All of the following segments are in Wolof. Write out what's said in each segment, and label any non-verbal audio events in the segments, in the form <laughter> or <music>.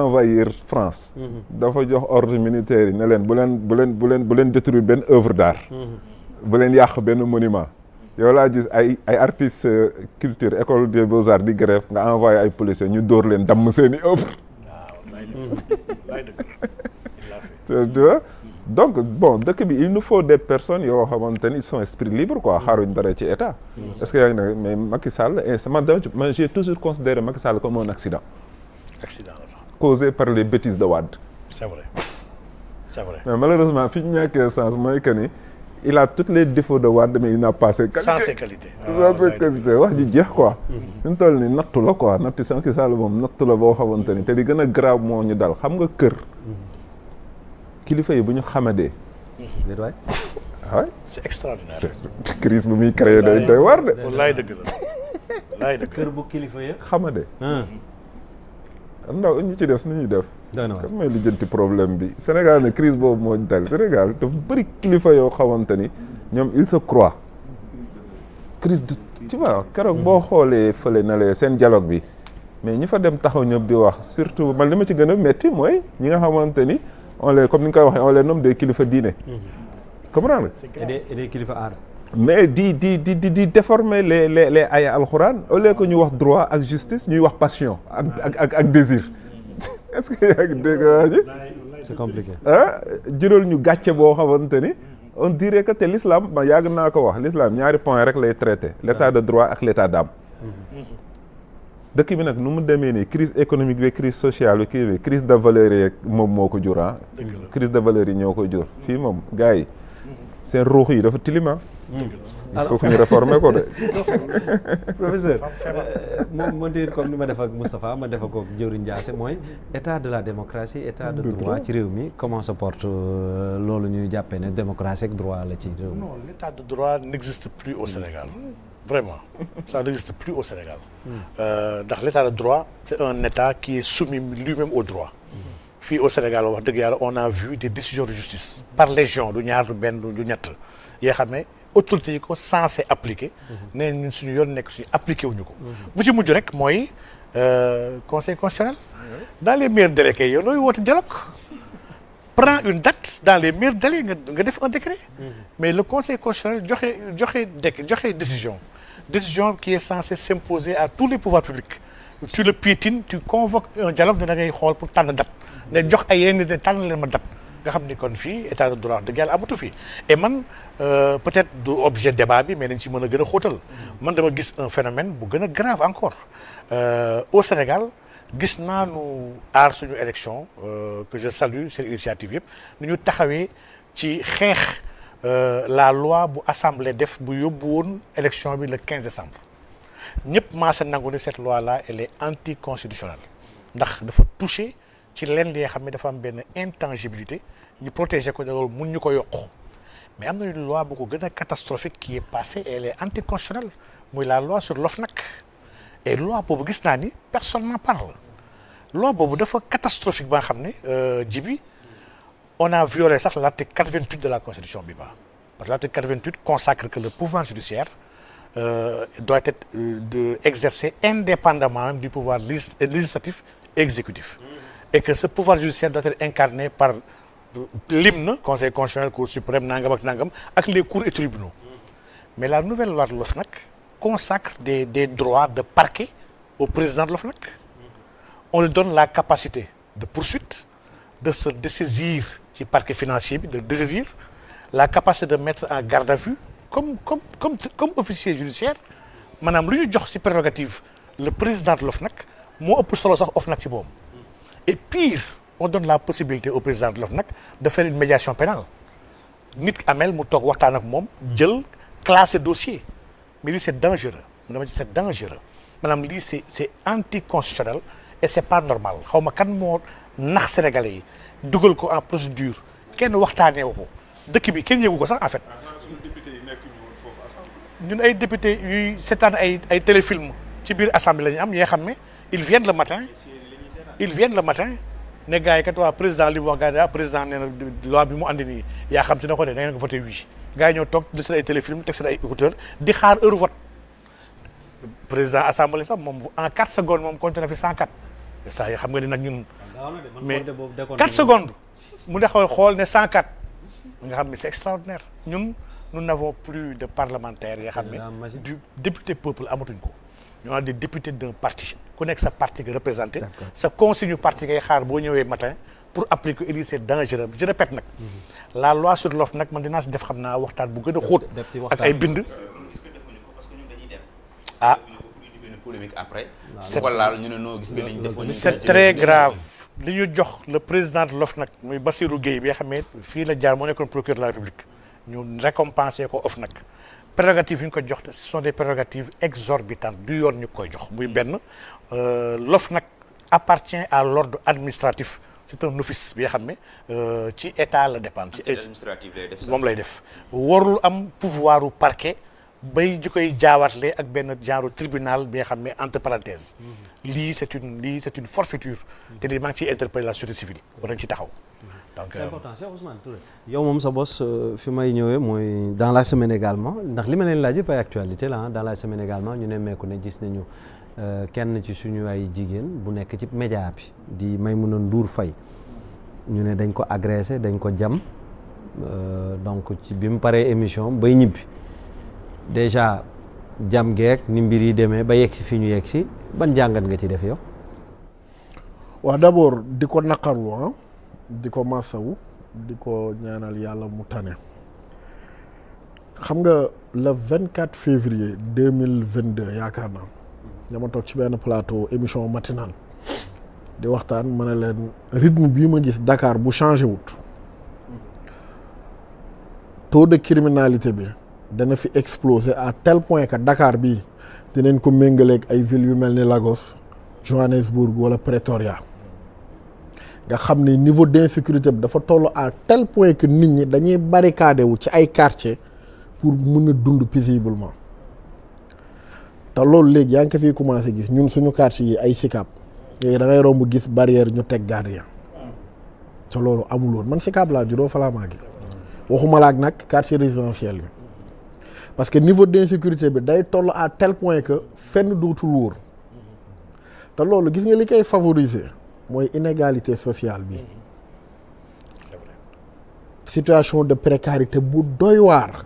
envahir France mhm. dafa jox ordre militaire yi ne leen bu leen bu leen bu leen bu leen détruire benn œuvre d'art mhm. bu leen yàq benn monument yow laa gis ay ay artistes euh, culture école de beaux-arts di grève nga envoyé ay policiers ñu dóor leen damm seeni œuvre waaw <laughs> tu vois donc bon dëkk bi il nous faut des personnes yoo xamante ni ils sont esprit libre quoi mhm. xaaruñ dara ci état est-ce que yaa ngi ne mais Macky Sall eh, man j'ai toujours considéré Macky Sall comme un accident accident la sax. causé par les bêtises de Wade. c'est vrai c'est vrai. mais malheureusement fi ñu ñàkkee sens mooy que ni il a tous les défauts de Wade mais il n'a pas ses qualités. sans ah, wax ji jeex ko mhm. fi mu toll nii nattu la quoi nattu sans que Sall moom nattu la boo xamante ni te li gën a moo ñu dal xam nga kër. Mhm. kilifa yi bu ñu xamadee. déedéet mhm. waay. waay ah c'est extraordinaire. crise bu muy créé day day war de. la wallaay dëgg la. kër bu kilifa yi xamadee. ndaw ñu ci des nu ñuy def. kan may lijjanti problème bi Sénégal ne crise boobu moo ñu dal Sénégal dafa bëri kilifa yoo xamante ni ñoom il se croit. crise de tu vois keroog boo xoolee fële na lee seen dialogue bi mais ñi fa dem taxaw ñëpp di wax surtout man li ma ci gën a métti mooy ñi nga xamante ni on les comme ni nga koy waxee on les nomme kilifa diine. Mhm. comprendre nga. et des kilifa aada. mais di di di di di déformer les les les aya alxuraan au lieu que ñu wax droit ak justice ñuy wax passion ak ak ak ak désir mm. <laughs> est que yaa ngi ah jural ñu gàcce boo xamante ni on dirait que te l'islam ma yàgg naa ko wax l'islam ñaari point rek lay traité l'état de droit ak l'état d'âme mm-hmm. dëkk bi nag nu mu demee nii crise économique bi crise sociale bi kii bi crise de valeur yi moom moo ko jur ah crise de valeur yi ñoo ko jur fii moom gars yi seen ruux yi dafa tilima ah. mm. il faut que ñu réformer ko de. <laughs> professeur euh, ma ni ma def ak Moustapha ma def ak Jëwriñ Ndiassé mooy état de la démocratie état de droit ci réew mi comment se porte euh, loolu ñuy jàppee ne démocratie droit la ci réew mi. non l' état de droit n' existe mm. plus au Sénégal vraiment mm. ça n' existe euh, plus au Sénégal. ndax l' de droit c' un état qui soumis lui-même au droit. fii au Sénégal wax dëgg yàlla on a vu des décisions de justice par légion du ñaar du benn du ñett yoo xam ne autorités yi ko censé appliquer. Mhm. nee ñun suñu yoon nekk suñu appliqué wuñu ko. Mhm. bu ci mujj rek mooy euh, conseil constitutionnel. dans les meilleurs délais kay yow looy woote dialogue. prend une date dans les meilleurs délais nga nga def un décret. Mhm. mais le conseil constitutionnel joxe joxe déc joxe décision. décision ki est censée s'imposer à tous les pouvoirs publics. tu le piétines tu convoques un dialogue ne da ngay xool pour tànn date. nga jox ay yeneen nit ne tànn ma date nga xam ni kon fii état de droit dëgg yàlla amatu fi et man euh, peut-être du objet débat bi mais dañ ci mën a gën a xootal man dama gis un phénomène bu gën a grave encore euh, au Sénégal gis naa nu aar suñu élection euh, que je salue seen initiative yëpp nu ñu taxawee ci xeex la loi bu assemblée def bu yóbbu woon élection bi le 15 décembre ñëpp maa sa nangu ne cette loi là elle est anticonstitutionnelle ndax dafa toucher ci leen li nga xam ne dafa am benn intangibilité ñu protéger ko loolu mun ñu ko yokk mais am na une loi bu ko gën a catastrophique qui est passée et elle est anticonstitutionnelle muy la loi sur l'OFNAC et loi boobu gis naa ni personne n'en parle loi boobu dafa catastrophique ba nga xam ne euh, jibi on a violé sax l'article 88 de la constitution bi ba parce que l'article 88 consacre que le pouvoir judiciaire euh, doit être euh, de exercé indépendamment même du pouvoir législatif et exécutif et que ce pouvoir judiciaire doit être incarné par l'hymne conseil constitutionnel cour suprême nangam ak nangam ak les cours et tribunaux mais la nouvelle loi de l'OFNAC consacre des des droits de parquet au président de l'OFNAC on lui donne la capacité de poursuite de se dessaisir ci parquet financier bi de dessaisir la capacité de mettre en garde à vue comme comme comme comme officier judiciaire maanaam lu ñu jox ci prérogative le président de l'OFNAC moo ëpp solo sax OFNAC ci boobu et pire on donne la possibilité au président de l'OFNAC de faire une médiation pénale nit amel mu toog waxtaan ak moom jël classé dossier mais lii c'est dangereux dama ci c'est dangereux maanaam lii c'est c'est anticonstitutionnel et c'est pas normal xaw ma kan moo nax sénégalais yi dugal ko en procédure kenn waxtaanee ko dëkk bi kenn yëgu ko sax en fait. ñun ay député yuy seetaan ay ay téléfilm ci biir assemblée la ñu am ñi nga xam ne ils viennent le ils viennent le matin ne gars yi kat waa président li mu wax gars yi ah, bi mu andi nii yaa xam te ne ko de da ngeen ko voté ñoo toog di seen ay téléfilm teg seen ay écouteur di xaar heure vote président assemblée sax moom en 4 secondes moom compté na fi 104 saa yi xam nga ni nag ñun. mais 4 secondes mu de xool ne 104 nga xam ni c'est extraordinaire ñun nous n'avons plus de parlementaires yoo xam ne du député peuple amatuñ ko. ñoo am des députés d'un parti ku nekk sa parti nga représenté sa consigne parti ngay xaar boo ñëwee matin pour appliquer lii c'est dangereux je répète nag mhm. la loi sur l'offre nag man dinaa si def xam naa waxtaan bu gën a xóot ak ay bind ah c'est très grave li ñu jox le président de l'OFNAC muy Bassirou Gueye bi nga xam ne fii la jaar moo nekkoon procureur la République ñu récompensé ko nag prérogatives yu ñu koy jox te ce sont des prérogatives exorbitantes du yoon ñu koy jox muy benn euh, lof nag appartient à l'ordre administratif c'est un office bi nga xam ne euh, ci état la dépend ci moom lay def warul am pouvoiru parquet bay ji koy jaawatle ak benn genre tribunal bi nga xam ne entre parenthèses mm-hmm. lii c'est une lii c'est une forfaiture mm-hmm. te lii maa ngi ciy la société civile war ci taxaw donc c'est euh, yow moom sa bos euh, fi may ñëwee mooy dans la semaine également ndax li ma leen laaj yëpp ay actualité la dans la semaine également ñu ne meeku ne gis nañu euh, kenn ci suñu ay jigéen bu nekk ci média bi di may Maimouna Ndour Faye ñu ne dañ ko agressé dañ ko jam donc ci bi mu paree émission bay ñibbi déjà jam geek ni mbir yi demee ba yegg si fi ñu yegg si ban jàngat nga ci def yow. waaw d'abord di ko naqarlu di ko masawu di ko ñaanal yàlla mu tane xam nga le vingt quatre février deux mille vingt deux yaakaar naa dama toog ci benn plateau émission matinal di waxtaan ma ne leen rythme bii ma gis dakaar bu changé wut taux de criminalité bi dana fi exploser à tel point dakaar bi bii dinañ ko méngaleeg ay villes yu mel ni Lagos Johannesburg wala Pretoria. nga xam ne niveau d'insécurité bi dafa toll à tel point que nit ñi dañuy barricadé wu ci ay quartier pour mun a dund paisiblement te loolu léegi yaa ngi ko fiy commencé gis ñun suñu quartier yi ay Sicap léegi da ngay romb gis barrière ñu teg ya te loolu amul woon man Sicap laa juddoo fa maa gis waxuma laak nag quartier résidentiel bi parce que niveau d'insécurité bi day toll à tel point que fenn dootul wóor te loolu gis nga li koy favoriser. mooy inégalité sociale bi situation de précarité bu doy waar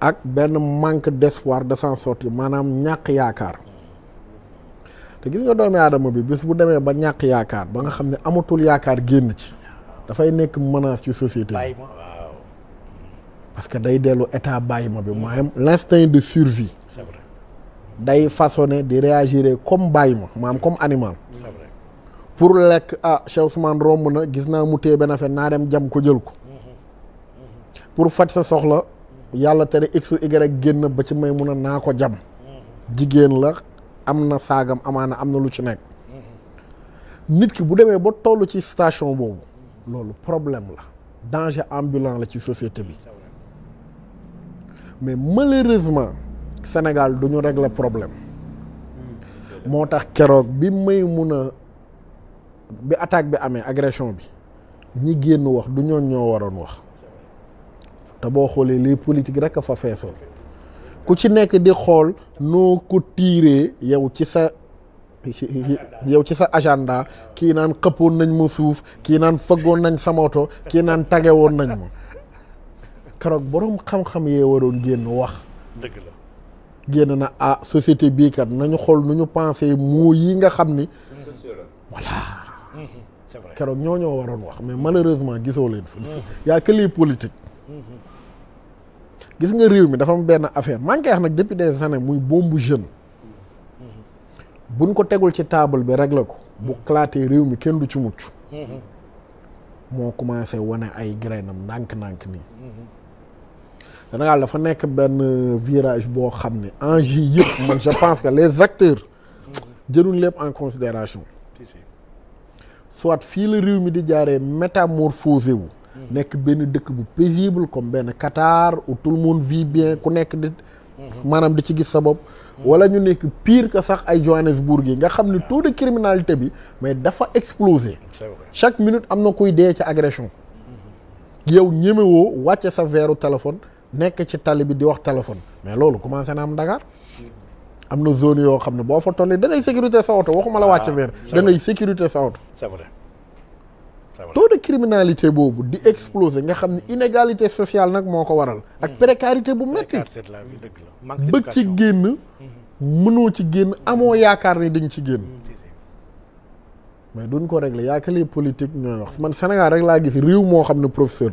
ak benn manque d'espoir de s'en sortir maanaam ñàkk yaakaar te gis nga doomi aadama bi bis bu demee ba ñàkk yaakaar ba nga xam ne amatul yaakaar génn ci dafay nekk menace ci société bi parce que day dellu état bàyyi ma bi maanaam l'instinct de survie c'est vrai day façonné di réagir comme bàyyi ma maanaam comme animal pour lekk ah Cheikh Ousmane na gis naa mu téye benn affaire naa dem jam ko jël ko pour faj sa soxla yàlla tere x y génn ba ci may mun a naa ko jam jigéen la am na saagam amaana am na lu ci nekk nit ki bu demee ba toll ci station boobu loolu problème la danger ambulant la ci société bi mais malheureusement Sénégal du ñu régler problème hmm. moo tax keroog bi may mun a bi attaque bi amee agression bi ñi génn wax du ñoon ñoo waroon wax te boo xoolee les politiques rek a fa feesoon ku ci nekk di xool noo ko tiiree yow ci sa yow ci sa agenda kii naan xëppoon nañ ma suuf kii naan fëggoon nañ sama oto kii naan tagewoon nañ ma keroog boroom xam-xam yee waroon génn wax génn na ah société bii kat nañu xool nu ñu pensé moo yi nga xam ni voilà keroog ñoo ñoo waroon wax mais malheureusement gisoo leen fa. yaa que les politiques. gis nga réew mi dafa am benn affaire maa ngi wax nag depuis des années muy bombu jeune. buñ ko tegul ci table bi réglé ko. bu kalaatee réew mi kenn du ci mucc. moo commencé wane ay grainam ndànk-ndànk nii. Sénégal dafa nekk benn virage boo xam ne en enjeu yëpp man je pense que les acteurs. jëluñ lépp en considération soit fii la réew mi di jaaree métamorphosé wu. Hmm. nekk benn dëkk bu paisible comme benn Qatar où tout le monde bien ku nekk di. Hmm. maanaam di ci gis sa bopp. wala ñu nekk pire que sax ay Johannesburg yi nga xam ni taux de criminalité bi mais dafa explosé. chaque minute am na kuy dee ci agression. Hmm. yow ñemewoo wàcce sa veeru téléphone nekk ci tali bi di wax téléphone mais loolu commencé na am Dakar. am na zone yoo xam ne boo fa tollee da sécurité sa oto waxuma la ah, wàcc weer da ngay sécurité sa oto c'est vrai de criminalité boobu di explosé nga xam ne inégalité sociale nag moo ko waral ak hmm. précarité bu metti bëgg ci génn hmm. mënoo ci génn amoo hmm. yaakaar ni dañ ci génn mais duñ ko régler yaakaar les politiques ñooy wax man Sénégal rek laa gis réew moo xam ne professeur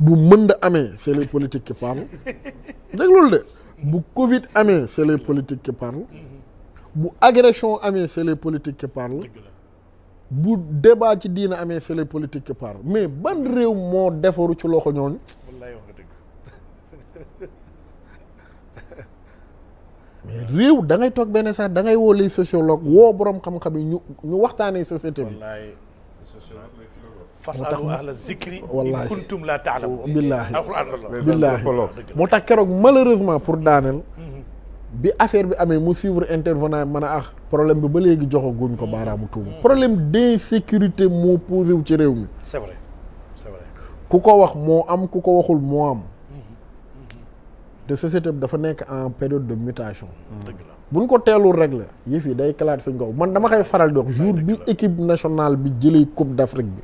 bu mën da amee c'est les politiques qui parlent <laughs> dégg loolu de bu Covid amee c' est les politiques qui bu agression amee c' est les politiques bu débat ci diina amee c' est les politiques mais ban réew moo defaru ci loxo ñooñu. wallaay wax <laughs> réew da ngay toog benn sax da ngay woo les sociologues woo borom xam-xam yi ñu ñu waxtaanee société bi. fasalu ahla zikri in kuntum laa taalamuun oh, billaahi billaahi moo tax keroog malheureusement pour daaneel mhm. bi affaire bi amee mu suivre intervenant man a ah problème bi ba léegi joxo guñ ko baaraamu tuuma mhm. problème d'insécurité moo posé wu ci réew mi c'est vrai ku ko wax moo am ku ko waxul moo am mhm. te société bi dafa nekk en période de mutation buñ ko teelul régler yëf yi day kalaat suñ kaw man dama koy faral di wax jour bi équipe nationale bi jëlee coupe d'Afrique bi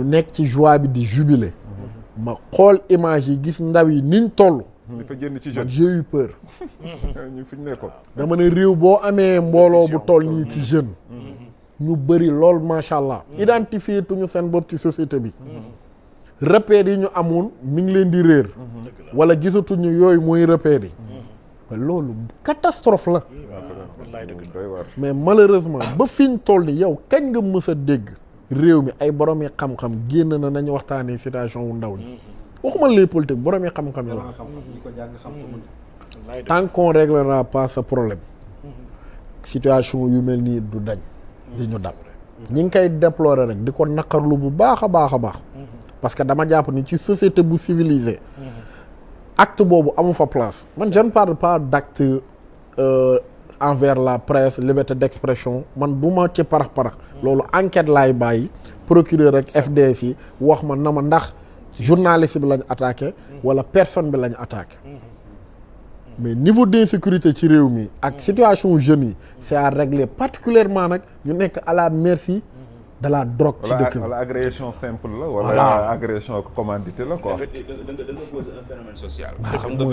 ñu nekk ci joie bi di jubilé mhm. ma xool image yi gis ndaw yi niñ toll mhm. dafa génn ci jeune j'ai eu peur <laughs> ñu fi ñu nekkoon dama ne réew boo amee mbooloo bu toll nii ci mhm. jeune ñu bëri lool macha allah identifié tuñu seen bopp ci société bi repères yi ñu amoon mi ngi leen di réer wala gisatuñu yooyu mooy repères yi loolu catastrophe la. mais malheureusement ba fi ñu toll ni yow kañ nga mës a dégg. réew mi ay boromi yi xam-xam génn na nañu waxtaanee situation wu ndaw ñi. Mm-hmm. waxuma lay politique borom yi xam-xam yi la. tant qu'on réglera pas ce problème. Mm-hmm. situation yu mel nii du dañ. Mm-hmm. di ñu dal ñi ngi koy déplorer rek di ko naqarlu bu baax a baax a baax. parce dama jàpp ni ci société bu civilisée. acte boobu amu fa place man je ne parle pas d'acte euh, envers la presse liberté d'expression man du ma ci parax parax mm. loolu enquête laay bàyyi procureur rek FDS yi wax ma na ma ndax journaliste bi lañ attaqué mm. wala personne bi lañ attaqué mm-hmm. Mm-hmm. mais niveau d'insécurité ci réew mi ak mm. situation jeunes yi c'est à régler particulièrement nag ñu nekk à la merci de la wala agression simple la. wala agression commandité la quoi. effectivement da nga da nga posé un phénomène social. xam nga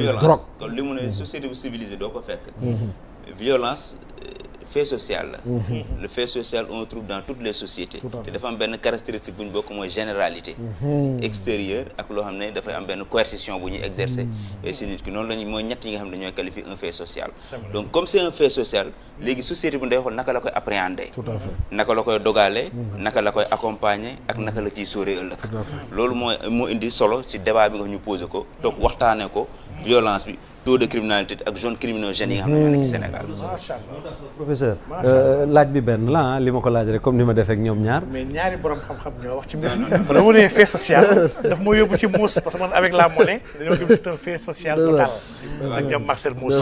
violence. fait social la. Mhm. le fait social on le trouve dans toutes les sociétés. te dafa am benn caractéristique bu ñu bokk mooy généralité. Mhm. extérieur ak loo xam ne dafay am benn coercition bu ñuy mhm. si nit ki noonu la ñuy mooy ñett yi nga xam ne ñooy qualifier un fait social. donc comme c'est un fait social léegi société bu day xool naka la koy appréhender. naka la koy dogalee. naka la koy accompagner ak naka la ciy sóoree ëllëg. loolu mooy moo indi solo ci débat bi nga violence bi taux de criminalité ak zone criminogène yi nga xam ne ñoo nekk ci Sénégal. professeur euh, laaj bi benn la ah, li ma ko laaj rek comme ni ma defee ak ñoom ñaar. mais ñaari borom xam-xam ñoo wax ci mbir mi. dama mu ne fait social daf ma yóbbu ci muus parce que man avec la monnaie dañoo jëm c'est un fait social total. ak ñoom Marcel Mouss.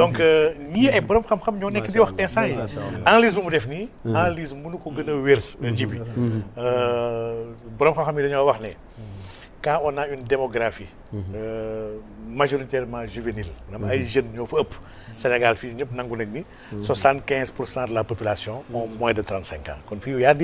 donc euh, ñii ay borom xam-xam ñoo nekk di wax instant yi analyse bu mu def nii. Hmm. analyse mënu ko gën a wér ji bi. borom xam-xam yi dañoo wax ne. quand on a une démographie mhm. euh, majoritairement juvénile nam ay mhm. jeunes ñoo fa ëpp Sénégal fii ñëpp nangu nañ ni mhm. soixante quinze pour cent de la population ont moins de trente cinq ans kon fii y a